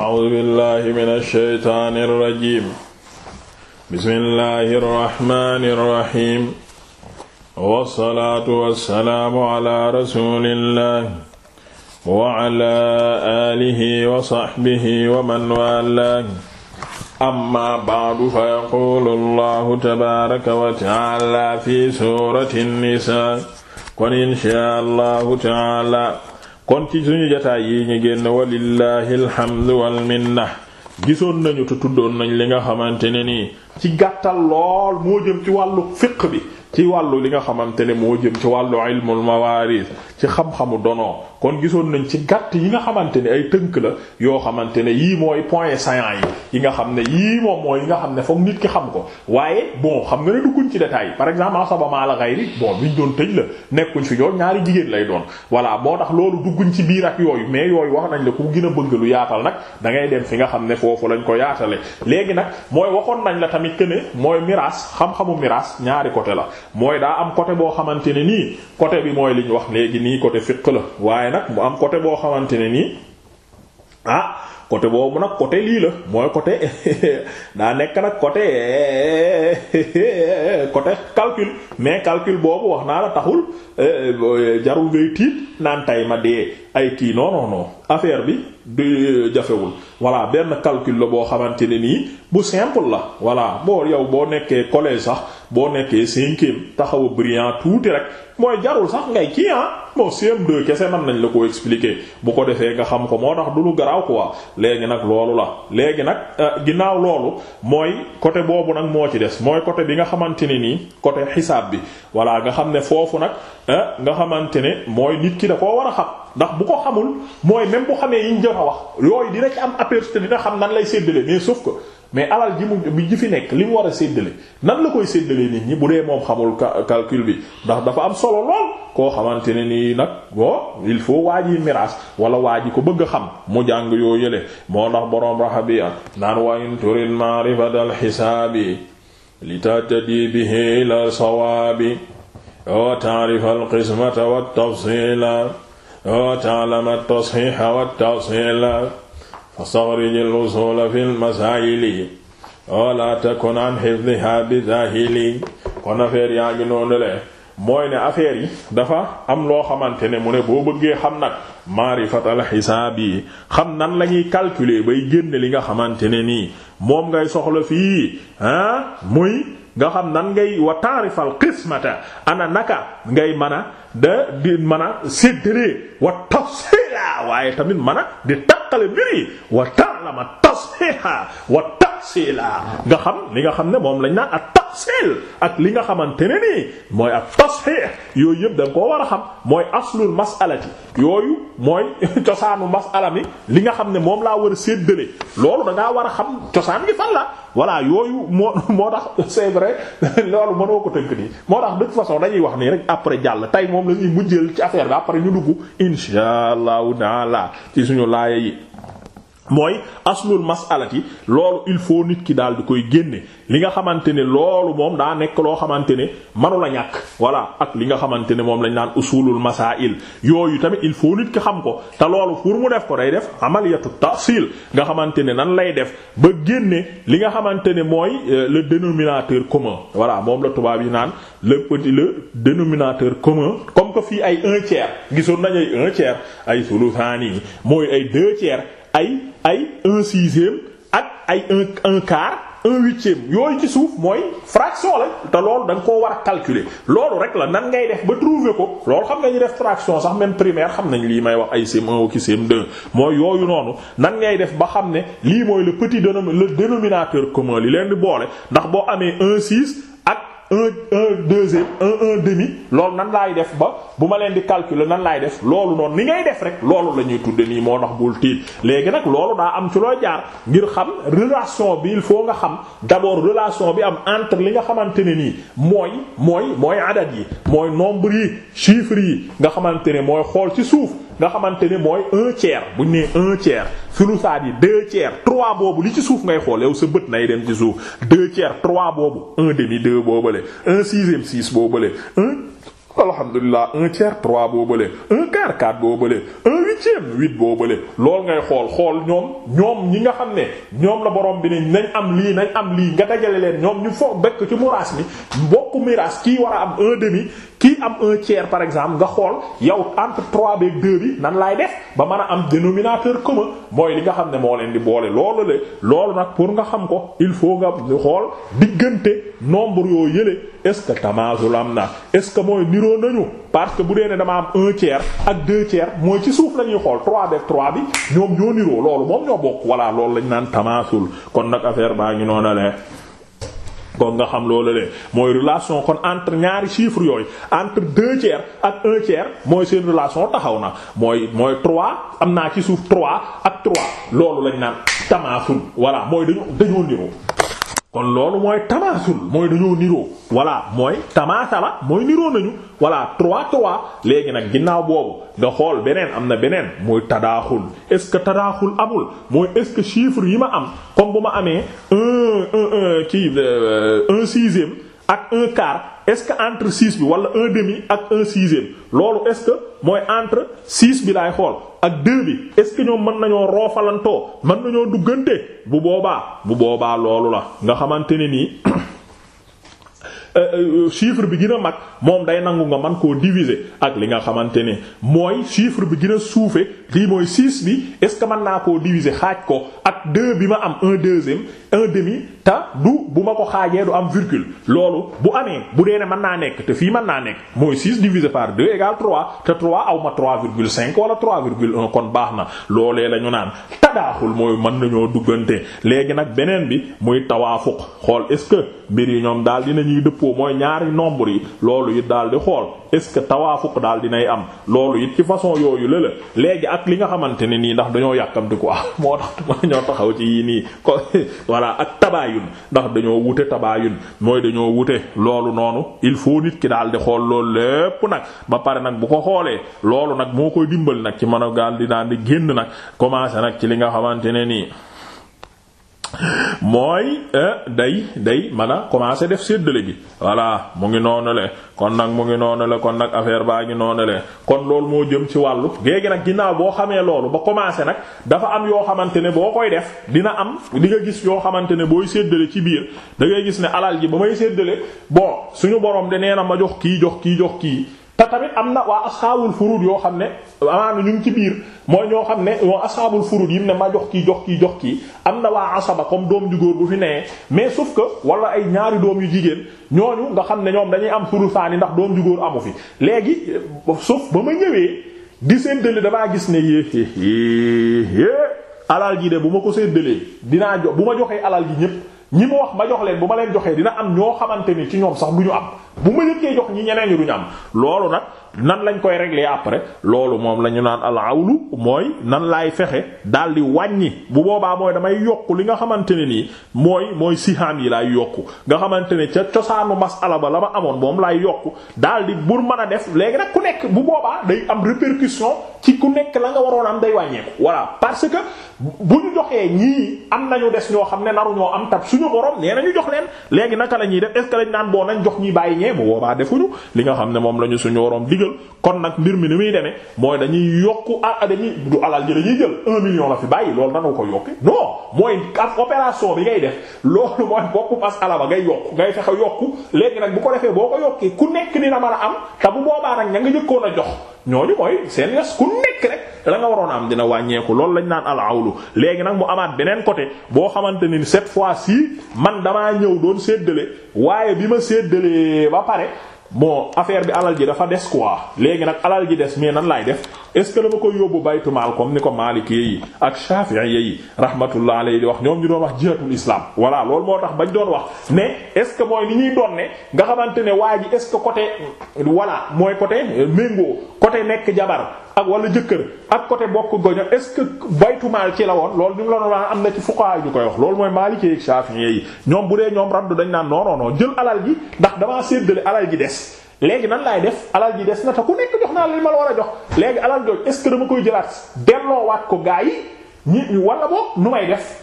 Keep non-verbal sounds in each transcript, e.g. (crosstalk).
a'uuzu billaahi mina shaytaani rajiim bismillaahi rahmaani rahiim wassalaatu wassalaamu alaa rasuulillaahi wa alaa aalihi wa sahbihi wa man waalaahu amma ba'du fa yaquulu allaahu tabaaraka wa ta'aalaa fi suurati nisaa kon inshaa allahu ta'aalaa kon ci suñu jataay yi ñu génn walillahi alhamdu wal minna gisoon nañu te tuddoon nañu li nga xamante ne nii ci gàttal lool moo jëm ci wàllu fiq bi ci wàllu li nga xamante ne moo jëm ci wàllu ilmul mawaris ci xam-xamu donoo kon gisoon nañ ci gàtt yi nga xamante ne ay tënk la yoo xamante ne yii mooy point saillant yi yi nga xam ne yii moom mooy yi nga xam ne foog nit xam ko waaye bon xam nga ne dugguñ ci détail par exemple asaba maala gayri bon biñ doon tëj la nekkuñ fi yoon ñaari jigéen lay doon voilà moo tax loolu dugguñ ci biir yooyu mais yooyu wax nañ la ku gën a bëgg yaatal nag da dem fi nga xam ne foofu lañ ko yaatale léegi nag mooy waxoon nañ la tamit que ne mooy miraas xam-xamu miraas ñaari côté la mooy daa am côté boo xamante ne nii côté bi mooy li ñu wax léegi nii côté fiq la waaye nag mu am côté boo xamante ne nii ah côté boobu nag côté lii la mooy côté (laughs) daa nekk nag côté (laughs) côté calcul mais calcul boobu wax naa la taxul eh, jarul ngay tiit naan tay ma dee ay kii affaire bi du jafewul voilà benn calcul la boo xamante ne nii bu simple la voilà boo yow boo nekkee collège sax. boo nekkee cinquième taxaw a brillant tuuti rek mooy jarul sax ngay kii ah moo CM2 kese mën nañ la ko expliquer bu ko defee nga xam ko moo tax du lu garaaw quoi léegi nag loolu la léegi nag euh, ginnaaw loolu mooy côté boobu nag moo ci des mooy côté bi nga xamante ne nii côté xisaab bi voilà nga xam ne foofu nag euh, nga xamante ne mooy nit ki da koo war a xam ndax bu ko xamul mooy même bu xamee yiñ jot a wax yooyu dina ci am aperçu dina xam nan lay séddale mais sauf que mais alal ji mu bi ji fi nekk li mu war a séddale nan la koy séddalee nit ñi bu dee moom xamul calcul bi ndax dafa am solo lool koo xamante ne nii nag bon il faut waa ji miraas wala waa ji ko bëgg xam mu jàng yoo yële moo ndax boroom raxabiya ah, naan wayin turil maarifatal xisaabi li tatadi bihi la sawaabi wa taarifa al qismata wa tafsila wa taalama tasxiixa wa wastaxriji lusuula fi lmasaayili wala takun an xifdiha bi zahili kon affaire yaa ngi noonu le mooy ne affaire yi dafa am loo xamante ne mu ne boo bëggee xam nag maarifatal xisaab yi xam nan lañuy ñuy calculer bay génn li nga xamante ne nii moom ngay soxla fii ah muy nga xam nan ngay wa taarifal qismata ana naka ngay mën a da di mën a séddale wa tafsila waaye tamit mën a di takkale mbir yi wa kalama tasxiha wa tafsila nga xam li nga xam ne moom lañ naan ak tafsil ak li nga xamante ne nii mooy ak tasxix yooyu yëpp da koo war a xam mooy aslul masalati yooyu mooy (laughs) cosaanu masala mi li nga xam ne moom laa war a séddale loolu da ngaa war a xam cosaan gi fan la voilà yooyu moo (laughs) moo tax c'est vrai (laughs) loolu mënoo ko tënk nii moo tax de façon dañuy wax nii rek après jàll tey moom la ñuy ci affaire bi après ñu dugg insha allahu taala ci suñu laaya mooy aslul masalati loolu il faut nit ki daal di koy génne li nga xamante ne loolu moom daa nekk loo xamante ne manu la ñàkk voilà ak li nga xamante ne moom lañ naan usulul masail yooyu tamit il faut nit ki xam ko te loolu pour mu def ko day def amaliyatu tahsil nga xamante ne nan lay def ba génne li nga xamante ne mooy euh, le dénominateur commun voilà moom la tubaab yi naan le petit le dénominateur commun comme que fii ay un tiers gisoon nañu ay un tiers ay sulusaani mooy ay deux ay ay un ak ay un un quart un huitième yooyu ci mooy fraction la te loolu da nga koo war a calculer loolu rek la nan ngay def ba trouver ko loolu xam nga ñu def fraction sax même primaire xam nañ lii may wax ay CM1 ak CM2 mooy yooyu noonu nan ngay def ba xam ne lii mooy le petit le dénominateur commun li leen di boole ndax boo amee un un un deuxième un un demi loolu nan laay def ba bu ma leen di calculer nan laay def loolu noonu ni ngay def rek loolu la ñuy tudde nii moo ndax bul tiit léegi nag loolu daa am ci looy jaar ngir xam relation bi il faut nga xam d'abord relation bi am entre li nga xamante ne nii mooy mooy mooy adat yi mooy nombre yi chiffres yi nga xamante ne mooy xool ci suuf nga xamante ne mooy un tiers bu ñu nee un tiers sulusaat yi deux tiers trois boobu li ci suuf ngay xool yow sa bët nay dem ci suuf deux tiers trois boobu un demi deux boobale un sixième six boobale un. alhamdulilah un tiers trois boo bële un quart quatre boo bële un huitième huit boo bële loolu ngay xool xool ñoom ñoom ñi nga xam ne ñoom la borom bi ne nañ am lii nañ am lii nga dajale leen ñoom ñu fo bekk ci muraas mi bokk miraas kii war am un demi kii am un tiers par exemple nga xool yow entre trois beeg deux bi nan laay def ba mën a am dénominateur commun mooy li nga xam ne moo leen di boole loolu le loolu nag pour nga xam ko il faut nga xool diggante nombre yoo yële est-ce que tamaasul am na est-ce que mooy niroo nañu parce que bu dee ne dama am un tiers ak deux tiers ci suuf la xool trois beeg trois bi ñoom ñoo niroo loolu moom ñoo bokk voilà loolu lañ naan tamaasul kon nag affaire baa ngi noonu la kon nga xam loolu lee mooy relation kon entre ñaari chiffres yooyu entre deux tiers ak un tiers mooy seen relation taxaw na mooy mooy trois am naa ci suuf trois ak trois loolu lañ naan tamasul voilà mooy dañu dañoo niroo kon loolu mooy tamaasul mooy dañoo niroo voilà mooy tamaasala mooy niroo nañu voilà trois trois léegi nag ginnaaw boobu nga xool beneen am na beneen mooy tadaaxul est-ce que tadaaxul amul mooy est-ce que chiffre yi ma am comme bu ma amee un un un kii euh, un sixième ak un quart est-ce que entre six bi wala un demi ak un sixième loolu est-ce que mooy entre six bi laay xool ak deux bi est mën nañoo roofalantoo mën nañoo duggante bu boobaa bu boobaa loolu la nga xamante ne nii Euh, euh, chiffre bi gën mag moom day nangu nga man koo diviser ak li nga xamante ne mooy chiffre bi gën a suufe lii mooy 6 bi est ce que mën naa koo diviser xaaj ko ak 2 bi ma am un deuxième un demi te du bu ma ko xaajee du am virgule loolu bu amee bu dee ne mën naa nekk te fii mën naa nekk mooy 6 divisé par 2 égale 3 te 3 aw ma 3,5 wala 3,1 kon baax na loolee la ñu naan tadaaxul mooy mën nañoo duggante léegi nag beneen bi muy tawaafuq xool est ce que mbir yi ñoom daal dinañuy dëpp dëppoo mooy ñaari nombre yi loolu it daal di xool est-ce que tawaafuq daal dinay am loolu it ci façon yooyu la la léegi ak li nga xamante ne nii ndax dañoo yàkkamti quoi (laughs) moo tax ñoo taxaw ci yii nii ko (laughs) voilà ak tabaayun ndax dañoo wute tabaayun mooy dañoo wute loolu noonu il faut nit ki daal di xool loolu lépp nag ba pare nag bu ko xoolee loolu nag moo koy dimbali nag ci mën a di daan di génn nag commencé nag ci li nga xamante nii mooy euh, day day man a commencer def séddale bi voilà mu ngi noonu le kon nag mu ngi noonu le kon nag affaire baa ngi noonu le kon loolu moo jëm ci wàllu gi nag ginnaaw boo xamee loolu ba commencer nag dafa am yoo xamante ne boo koy def dina am di nga gis yoo xamante ne booy séddale ci biir da ngay gis ne alal ji ba may séddale boo suñu borom de nee na ma jox kii jox kii jox kii te tamit am na waa asxaabul furud yoo xam ne amaana ñu ngi ci biir mooy ñoo xam ne ñoo asxaabul furud yi mu ne ma jox kii jox kii jox ki am na waa asaba comme doom ju góor bu fi nee mais sauf que wala ay ñaari doom yu jigéen ñooñu nga xam ne ñoom dañuy am sulusaani ndax doom ju góor amu fi léegi sauf ba ma ñëwee di séddale damaa gis ne yéé alal ji de bu ma ko séddalee dinaa jox bu ma joxee alal ji ñépp ñi ma wax ma jox leen bu ma leen joxee dina am ñoo xamante ni ci ñoom sax du am bu ma yëkkee jox ñi ñeneen ñi du am loolu nag nan lañ koy régler après loolu moom la ñu naan al awlu mooy nan laay fexe daal di wàññi bu boobaa mooy damay yokk li nga xamante ne nii mooy mooy sihaan yi laay yokk nga xamante ne ca cosaanu masala ba la ma amoon moom laay yokku daal di bur mën a def léegi nag ku nekk bu boobaa day am répercussion ci ku nekk la nga waroon am day wàññeeku voilà parce que bu ñu joxee ñii am nañu des ñoo xam ne naru ñoo am tab suñu borom nee nañu jox leen léegi naka la ñuy def est ce que lañ naan boobaa defuñu li nga xam ne moom lañu suñu borom dig digal kon nag mbir mi ni muy demee mooy dañuy yokku ah dañuy du alal ji dañuy jël un million la fi bàyyi loolu nanu ko yokki non mooy ab opération bi ngay def loolu mooy bokku ala ba ngay yokk ngay fexe yokku léegi nag bu ko defee boo ko yokkee ku nekk dina mën a am te bu boobaa nag ña nga jëkkoon a jox ñooñu mooy seen yas ku waroon am dina wàññeeku loolu lañ naan alawlu léegi nag mu amaat beneen côté boo xamante ni cette fois-ci man damaa ñëw doon séddale waaye bi ma séddalee ba pare moo affaire bi alal ji dafa des quoi léegi nag alal ji des mais nan laay def est-ce que dama koy yóbbu baytu maal comme ni ko Maliki yi ak Shafi'i yi rahmatullah alayhi di wax ñoom ñu doon wax jihatul islam voilà loolu moo tax bañ doon wax ne est-ce que mooy ni ñuy doon ne nga xamante ne waa ji est-ce que voilà mooy côté euh, méngoo côté nekk jabar ak wala jëkkër ak côté bokk goño est-ce que baytu maal ci la woon loolu ñu la doon am na ci fuqaha ñu koy wax loolu mooy Maliki ak Shafi'i yi ñoom bu dee ñoom raddu dañ naan non non non jël alal ji ndax damaa séddale alal ji des. léegi nan laay def alal ji des na te ku nekk jox naa li ma la war a jox léegi alal jooju est-ce que dama koy jëlaat waat ko gaa yi ñi wala boog nu may def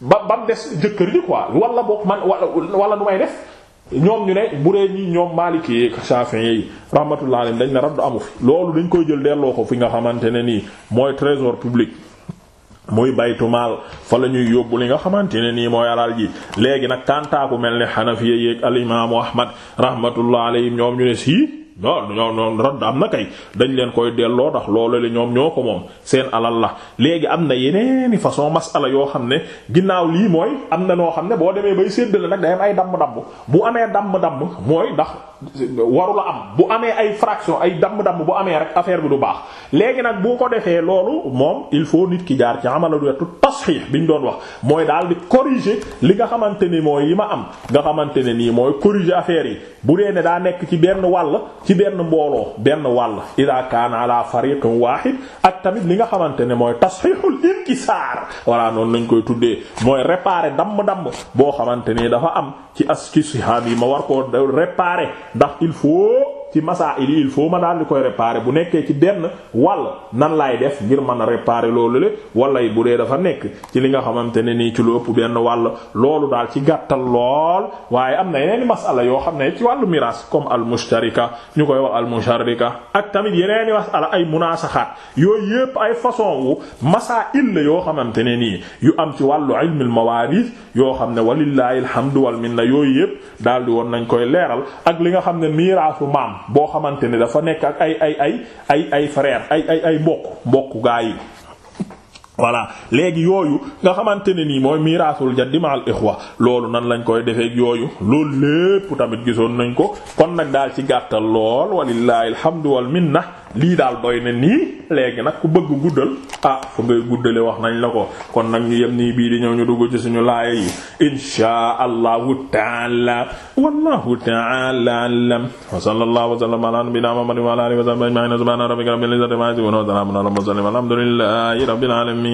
ba ba des jëkkër ji quoi wala boog man wala wala nu may def. ñoom ñu ne bu dee ñii ñoom Maliki yi Shafi'i yi rahmatullahi alayhim dañ ne raddu amu fi loolu dañ koy jël delloo ko fi nga xamante ne nii mooy trésor public. muy baytu maal fa la ñuy yóbbu li nga xamante ne nii mooy alal ji léegi nag kantaaku mel ne xanafiya yeeg al imaamu Ahmad rahmatullah alayhim ñoom ñu ne sii. non non non radd am na kay dañ leen koy delloo ndax loolu la ñoom ñoo ko moom seen alal la léegi am na yeneeni façon masala yoo xam ne ginnaaw lii mooy am na noo xam ne boo demee bay séddale nag day am ay damm-damm bu amee damm-damm mooy ndax waru la am bu amee ay fraction ay damm-damm bu amee rek affaire bi du baax léegi nag boo ko defee loolu moom il faut nit ki jaar ci amaladu wetu tasxiix bi ñu doon wax mooy daal di corriger li nga xamante ni mooy yi ma am nga xamante ne nii mooy corriger affaire bu dee daa nekk ci benn wàll ci benn mbooloo benn wàll ida kaana ala fariqin wahid ak tamit li nga xamante ne mooy tasxiixul inkisaar walla noonu lañ koy tuddee mooy réparer damm-damm boo xamante ni dafa am ci as ci sihaab yi ma war koo réparer ndax il faut ci masaa-il il faut ma daal di koy réparer bu nekkee ci benn wàll nan laay def ngir mën a réparer loolu le wala yi bu dee dafa nekk ci li nga xamante ne nii ci lu ëpp benn wàll loolu daal ci gàttal lool waaye am na yeneen masala yoo xam ne ci wàllu miraas comme al ñu koy wax al musharrika ak tamit yeneen i masala ay munaasaxaat yooyu yépp ay façon wu masaa-il la yoo xamante ne nii yu am ci wàllu ilmil mawaris yoo xam ne walillahi alhamdu wal minna yooyu yépp daal di woon nañ koy leeral ak li nga xam ne miraasu maam boo xamante ni dafa nekk ak ay ay ay ay ay frère ay ay ay bokk mbokk gaa yi voilà léegi yooyu nga xamante ne nii mooy miraasul jaddi ma loolu nan lañ koy defeek yooyu loolu lépp tamit gisoon nañ ko kon nag daal ci gàttal lool walillahi alhamdu wal minna lii daal doy na nii léegi nag ku bëgg guddal ah fu ngay guddale wax nañ la ko kon nag ñu yem nii bii di ñëw ñu dugg ci suñu laaya yi inshaa allahu taala wallahu taala alam wa sallallahu wa sallama ala nabiyyina muhammadin wa ala alihi wa sahbihi ajma'in subhana rabbika rabbil izzati amma yasifun wa salamun ala mursalin walhamdulillahi rabbil alamin